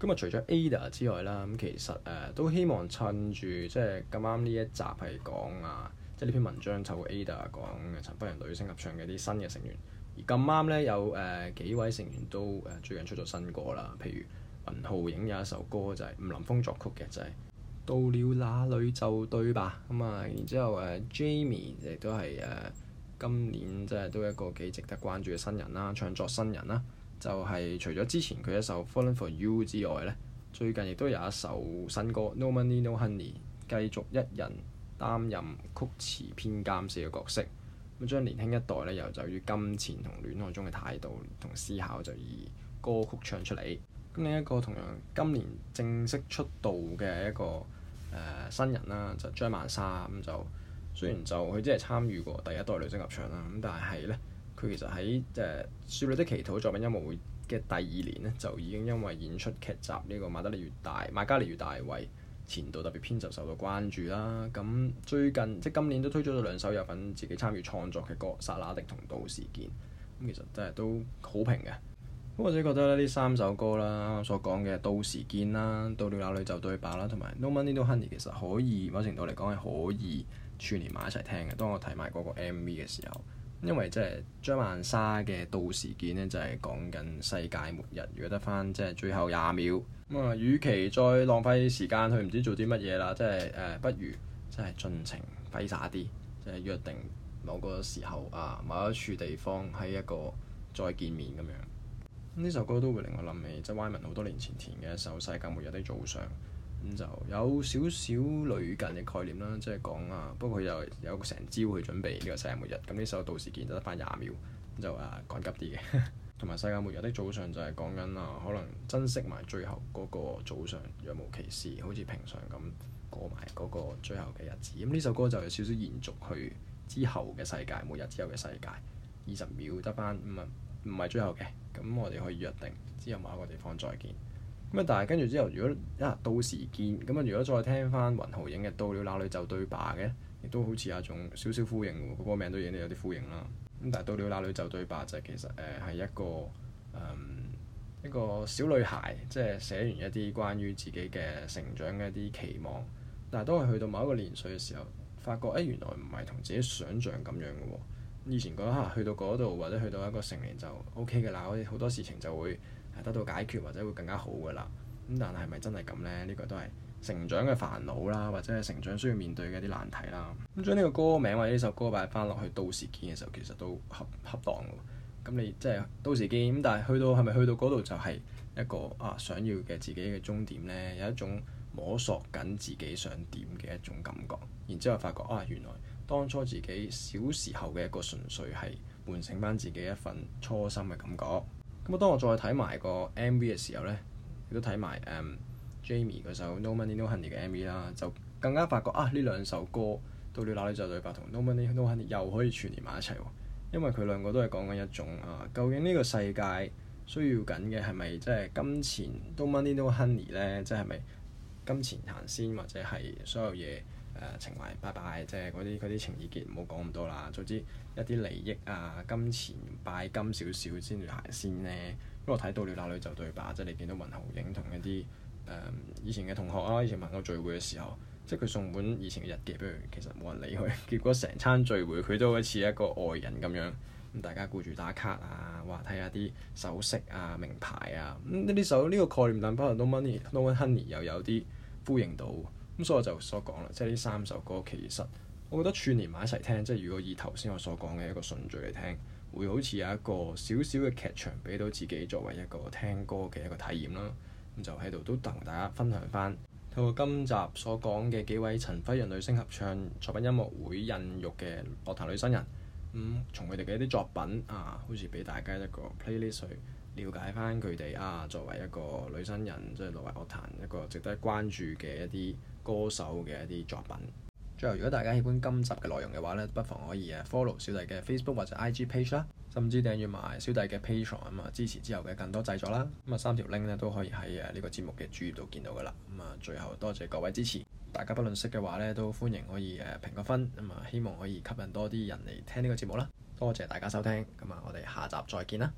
今日除咗 Ada 之外啦，咁其實誒、呃、都希望趁住即係咁啱呢一集係講啊，即係呢篇文章透過 Ada 講陳百祥女聲合唱嘅啲新嘅成員，而咁啱咧有誒、呃、幾位成員都誒最近出咗新歌啦，譬如雲浩影有一首歌就係、是、吳林峰作曲嘅，就係、是、到了那裏就對吧，咁啊、嗯、然之後誒、呃、Jamie 亦都係誒、呃、今年即係都一個幾值得關注嘅新人啦，唱作新人啦。就係除咗之前佢一首《Fallin' for You》之外呢，最近亦都有一首新歌《No Money No Honey》，繼續一人擔任曲詞編監寫嘅角色，咁將年輕一代呢又就於金錢同戀愛中嘅態度同思考就以歌曲唱出嚟。咁另一個同樣今年正式出道嘅一個誒、呃、新人啦、啊，就張蔓莎咁就、嗯、雖然就佢只係參與過第一代女聲合唱啦，咁但係呢。佢其實喺誒《少、呃、女的祈禱》作品音樂會嘅第二年呢，就已經因為演出劇集呢、這個《瑪嘉烈與大衛》，《瑪嘉烈與大衛》為前度特別編集受到關注啦。咁最近即係今年都推出咗兩首有份自己參與創作嘅歌《沙拉迪》同《到時見》。咁其實真係都好評嘅。咁我自己覺得呢三首歌啦，所講嘅《到時見》啦，《到了那裏就對吧》啦，同埋《No Money No Honey》其實可以某程度嚟講係可以串連埋一齊聽嘅。當我睇埋嗰個 MV 嘅時候。因為即係張蔓莎嘅《到時見》呢，就係、是、講緊世界末日，如果得翻即係最後廿秒，咁啊，與其再浪費時間去唔知做啲乜嘢啦，即係誒，不如即係盡情揮灑啲，即、就、係、是就是、約定某個時候啊，某一處地方喺一個再見面咁樣。呢首歌都會令我諗起即係、就是、Wyman 好多年前填嘅一首《世界末日的早上》。咁就有少少類近嘅概念啦，即係講啊，不過佢又有成朝去準備呢個世界末日。咁呢首到時見《道士劍》得返廿秒，就啊趕急啲嘅。同埋《世界末日的早上》就係講緊啊，可能珍惜埋最後嗰個早上，若無其事，好似平常咁過埋嗰個最後嘅日子。咁呢首歌就有少少延續去之後嘅世界，末日之後嘅世界。二十秒得返，唔係，唔係最後嘅。咁我哋可以約定之後某一個地方再見。咁、嗯、但係跟住之後，如果一、啊、到時見咁啊、嗯，如果再聽翻雲豪影嘅《到了那裏就對吧》嘅，亦都好似有種少少呼應喎，嗰個名都影到有啲呼應啦。咁、嗯、但係《到了那裏就對吧》就其實誒係、呃、一個、嗯、一個小女孩，即係寫完一啲關於自己嘅成長嘅一啲期望，但係當佢去到某一個年歲嘅時候，發覺誒、欸、原來唔係同自己想象咁樣嘅喎。以前覺得、啊、去到嗰度或者去到一個成年就 OK 嘅啦，好好多事情就會～係得到解決或者會更加好嘅啦，咁但係咪真係咁呢？呢、這個都係成長嘅煩惱啦，或者係成長需要面對嘅啲難題啦。咁將呢個歌名或者呢首歌擺翻落去到時見嘅時候，其實都恰恰當嘅。咁你即係、就是、到時見，咁但係去到係咪去到嗰度就係一個啊想要嘅自己嘅終點呢？有一種摸索緊自己想點嘅一種感覺，然之後發覺啊，原來當初自己小時候嘅一個純粹係喚醒翻自己一份初心嘅感覺。咁啊！當我再睇埋個 MV 嘅時候呢，亦都睇埋誒 Jamie 嗰首《No Money No Honey》嘅 MV 啦，就更加發覺啊！呢兩首歌到了那裏就對吧同《No Money No Honey》又可以串聯埋一齊喎、哦，因為佢兩個都係講緊一種啊，究竟呢個世界需要緊嘅係咪即係金錢？《No Money No Honey》咧，即係咪金錢行先，或者係所有嘢？呃、情懷，拜拜，即係嗰啲啲情意結，唔好講咁多啦。總之一啲利益啊、金錢拜金少少先嚟，行先呢。不過睇到了那裏就對吧，即係你見到雲浩影同一啲、呃、以前嘅同學啊，以前問個聚會嘅時候，即係佢送本以前嘅日記，不如其實冇人理佢。結果成餐聚會佢都好似一個外人咁樣，咁大家顧住打卡啊，話睇下啲首飾啊、名牌啊。咁呢啲首呢個概念，但可能、No Money No Honey 又有啲呼應到。咁、嗯、所以我就所講啦，即係呢三首歌其實我覺得串連埋一齊聽，即係如果以頭先我所講嘅一個順序嚟聽，會好似有一個少少嘅劇場，俾到自己作為一個聽歌嘅一個體驗啦。咁、嗯、就喺度都同大家分享翻，透過今集所講嘅幾位陳輝陽女聲合唱作品音樂會孕育嘅樂壇女新人，咁、嗯、從佢哋嘅一啲作品啊，好似俾大家一個 playlist 去，了解翻佢哋啊，作為一個女新人，即係作為樂壇一個值得關注嘅一啲歌手嘅一啲作品。最後，如果大家喜歡今集嘅內容嘅話呢，不妨可以 follow 小弟嘅 Facebook 或者 IG page 啦，甚至訂閲埋小弟嘅 Patreon 啊，支持之後嘅更多製作啦。咁啊，三條 link 咧都可以喺誒呢個節目嘅主頁度見到噶啦。咁啊，最後多謝各位支持，大家不論識嘅話呢，都歡迎可以誒評個分咁啊，希望可以吸引多啲人嚟聽呢個節目啦。多謝大家收聽，咁啊，我哋下集再見啦。